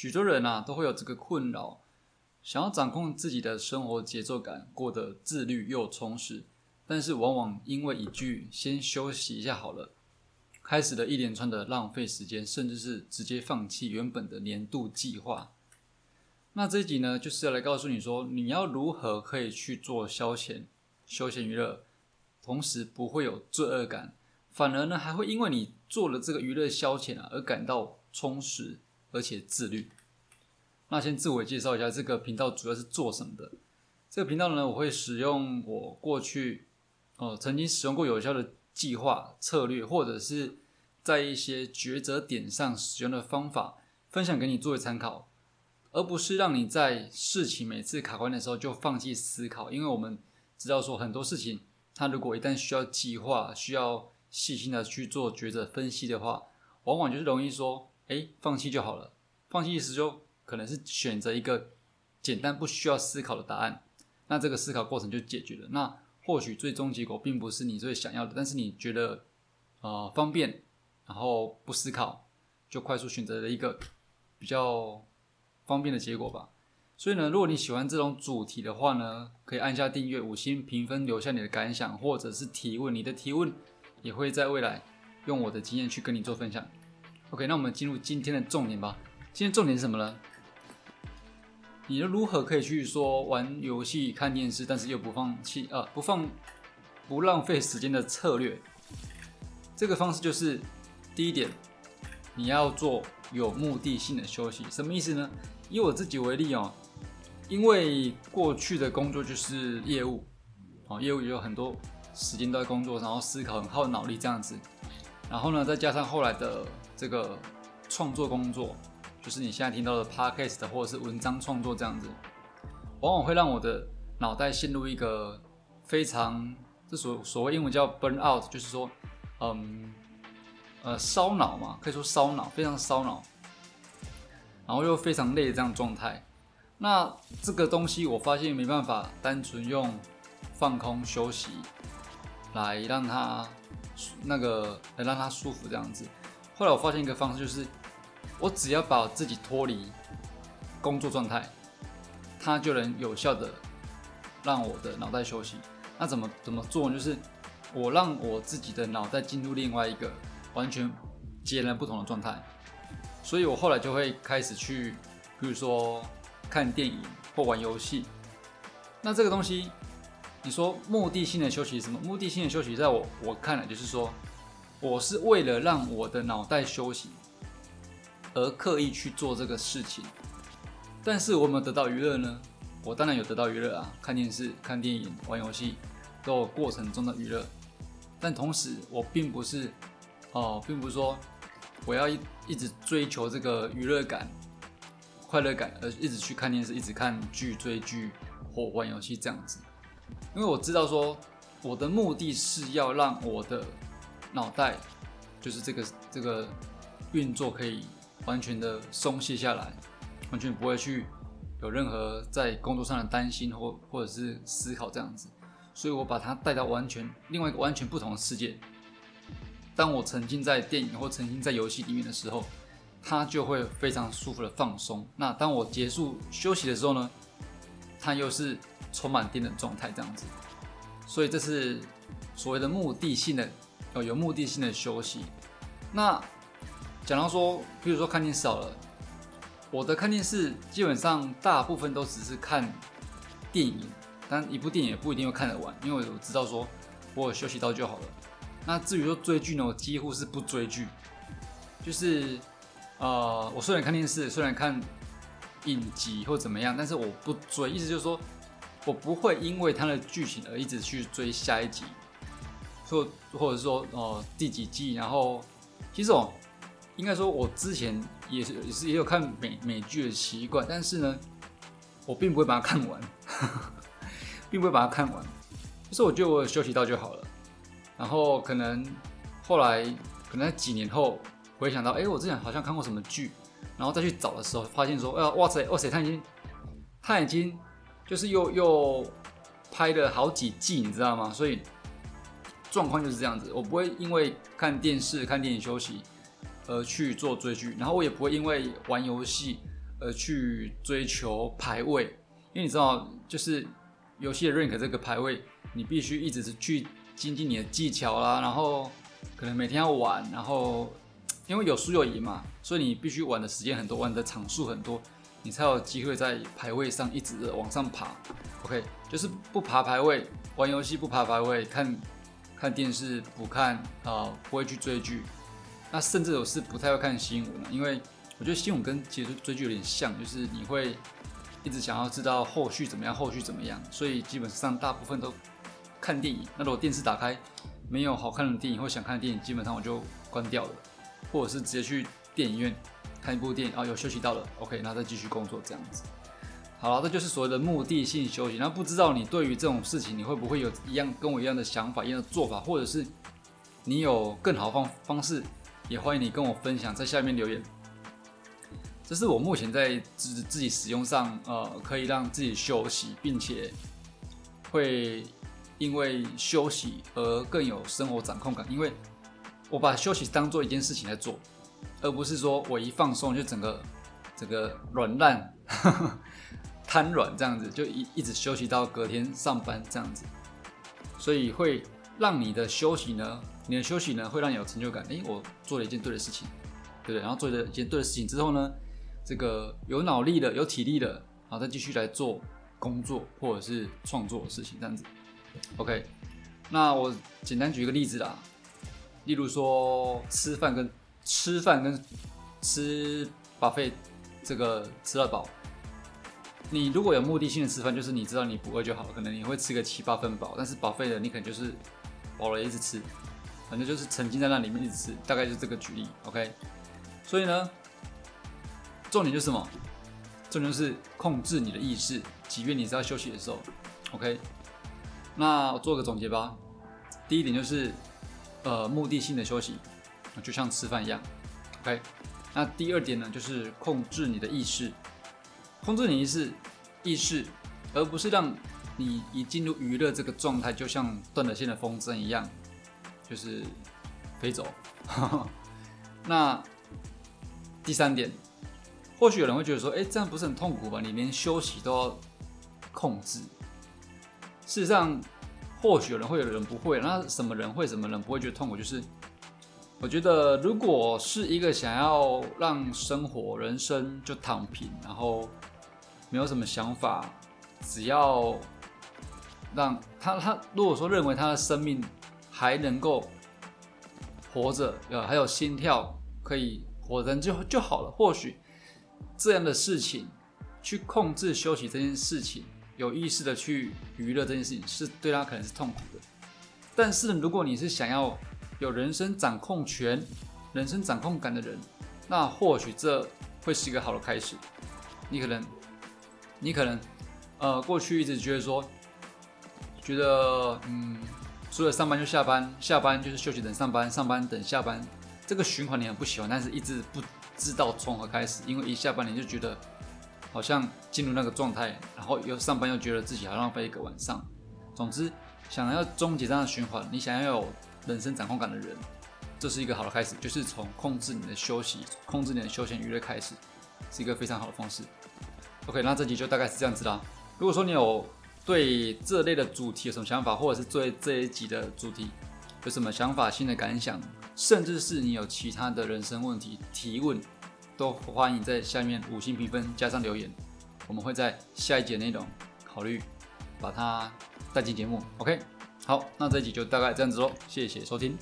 許多人啊都會有這個困擾，想要掌控自己的生活節奏感，過得自律又充實，但是往往因為一句“先休息一下好了”，開始了一連串的浪費時間，甚至是直接放棄原本的年度計劃。那這集呢，就是要來告訴你說，你要如何可以去做消遣、休閒娛樂，同時不會有罪惡感，反而呢還會因為你做了這個娛樂消遣啊而感到充實。而且自律。那先自我介紹一下，這個頻道主要是做什麼的？這個頻道呢，我會使用我過去哦、呃、曾經使用過有效的計劃策略，或者是在一些抉擇點上使用的方法，分享給你作為參考，而不是讓你在事情每次卡關的時候就放棄思考。因為我們知道說很多事情，它如果一旦需要計劃、需要細心的去做抉擇分析的話，往往就是容易說。誒，放棄就好了。放棄時就可能是選擇一個簡單不需要思考的答案，那這個思考過程就解決了。那或許最終結果並不是你最想要的，但是你覺得呃方便，然後不思考就快速選擇了一個比較方便的結果吧。所以呢，如果你喜歡這種主題的話呢，可以按下訂閱、五星評分，留下你的感想或者是提問。你的提問也會在未來用我的經驗去跟你做分享。OK，那我們進入今天的重點吧。今天重點是什麼呢？你又如何可以去說玩遊戲、看電視，但是又不放棄啊、呃，不放不浪費時間的策略？這個方式就是第一點，你要做有目的性的休息。什麼意思呢？以我自己為例哦、喔，因為過去的工作就是業務、喔，好業務也有很多時間都在工作，然後思考很耗腦力這樣子。然後呢，再加上後來的。這個創作工作，就是你現在聽到的 podcast 或者是文章創作這樣子，往往會讓我的腦袋陷入一個非常，這所所謂英文叫 burn out，就是說，嗯，呃，燒腦嘛，可以說燒腦，非常燒腦，然後又非常累的這樣狀態。那這個東西，我發現沒辦法單純用放空休息來讓它那個來讓它舒服這樣子。後來我發現一個方式，就是我只要把自己脫離工作狀態，它就能有效的讓我的腦袋休息。那怎麼怎麼做？就是我讓我自己的腦袋進入另外一個完全截然不同的狀態。所以我後來就會開始去，比如說看電影或玩遊戲。那這個東西，你說目的性的休息是什麼？目的性的休息，在我我看來就是說。我是為了讓我的腦袋休息，而刻意去做這個事情。但是我有沒有得到娛樂呢？我當然有得到娛樂啊！看電視、看電影、玩遊戲，都有過程中的娛樂。但同時，我並不是哦、呃，並不是說我要一一直追求這個娛樂感、快樂感，而一直去看電視、一直看劇、追劇或玩遊戲這樣子。因為我知道，說我的目的是要讓我的。腦袋就是這個這個運作可以完全的鬆懈下來，完全不會去有任何在工作上的擔心或或者是思考這樣子。所以我把它帶到完全另外一個完全不同的世界。當我沉浸在電影或沉浸在遊戲裡面的時候，它就會非常舒服的放鬆。那當我結束休息的時候呢，它又是充滿電的狀態這樣子。所以這是所謂的目的性的。有有目的性的休息。那假如說，比如說看電視好了，我的看電視基本上大部分都只是看電影，但一部電影也不一定會看得完，因為我知道說我有休息到就好了。那至於說追劇呢，我幾乎是不追劇，就是呃，我雖然看電視，雖然看影集或怎麼樣，但是我不追，意思就是說我不會因為它的劇情而一直去追下一集。或或者說哦，第幾季？然後其實哦，應該說，我之前也是也是也有看美美劇的習慣，但是呢，我並不會把它看完呵呵，並不會把它看完。就是我覺得我有休息到就好了。然後可能後來可能在幾年後回想到，哎、欸，我之前好像看過什麼劇，然後再去找的時候，發現說，哎呀，哇塞，哇塞，它已經它已經就是又又拍了好幾季，你知道嗎？所以。狀況就是這樣子，我不會因為看電視、看電影休息而去做追劇，然後我也不會因為玩遊戲而去追求排位，因為你知道，就是遊戲的 rank 這個排位，你必須一直是去精進你的技巧啦，然後可能每天要玩，然後因為有輸有贏嘛，所以你必須玩的時間很多，玩的場數很多，你才有機會在排位上一直的往上爬。OK，就是不爬排位，玩遊戲不爬排位，看。看電視不看啊、呃，不會去追劇，那甚至我是不太會看新聞，因為我覺得新聞跟其實追劇有點像，就是你會一直想要知道後續怎麼樣，後續怎麼樣，所以基本上大部分都看電影。那如果電視打開沒有好看的電影或想看的電影，基本上我就關掉了，或者是直接去電影院看一部電影啊。有休息到了，OK，那再繼續工作這樣子。好了，這就是所謂的目的性休息。那不知道你對於這種事情，你會不會有一樣跟我一樣的想法、一樣的做法，或者是你有更好方方式，也歡迎你跟我分享在下面留言。這是我目前在自自己使用上，呃，可以讓自己休息，並且會因為休息而更有生活掌控感。因為我把休息當做一件事情來做，而不是說我一放鬆就整個整個軟爛。呵呵癱軟這樣子，就一一直休息到隔天上班這樣子，所以會讓你的休息呢，你的休息呢，會讓你有成就感。誒、欸，我做了一件對的事情，對不對？然後做了一件對的事情之後呢，這個有腦力的、有體力的，然後再繼續來做工作或者是創作的事情，這樣子。OK，那我簡單舉一個例子啦，例如說吃飯跟，跟吃飯跟吃，buffet 這個吃到飽。你如果有目的性的吃飯，就是你知道你不餓就好了，可能你會吃個七八分飽，但是 buffet 的你可能就是飽了，一直吃，反正就是沉浸在那裡面一直吃，大概就這個舉例，OK。所以呢，重點就是什麼？重點就是控制你的意識，即便你是在休息的時候，OK。那我做個總結吧，第一點就是呃目的性的休息，就像吃飯一樣，OK。那第二點呢，就是控制你的意識。控制你意識，意識，而不是讓你一進入娛樂這個狀態，就像斷了線的風箏一樣，就是飛走。 那第三點，或許有人會覺得說，哎、欸，這樣不是很痛苦吧？你連休息都要控制。事實上，或許有人會，有人不會。那什麼人會，什麼人不會覺得痛苦？就是。我覺得，如果是一個想要讓生活、人生就躺平，然後沒有什麼想法，只要讓他他如果說認為他的生命還能夠活着，呃，還有心跳可以活著就就好了。或許這樣的事情去控制休息這件事情，有意識的去娛樂這件事情，是對他可能是痛苦的。但是如果你是想要，有人生掌控權、人生掌控感的人，那或許這會是一個好的開始。你可能，你可能，呃，過去一直覺得說，覺得嗯，除了上班就下班，下班就是休息，等上班，上班等下班，這個循環你很不喜歡，但是一直不知道從何開始，因為一下班你就覺得好像進入那個狀態，然後又上班又覺得自己好像浪費一個晚上。總之，想要終結這樣的循環，你想要有。人生掌控感的人，這是一個好的開始，就是從控制你的休息、控制你的休閒娛樂開始，是一個非常好的方式。OK，那這集就大概是這樣子啦。如果說你有對這類的主題有什麼想法，或者是對這一集的主題有什麼想法、新的感想，甚至是你有其他的人生問題提問，都歡迎在下面五星評分加上留言，我們會在下一節內容考慮把它帶進節目。OK。好，那這一集就大概這樣子嘍，哦，謝謝收聽。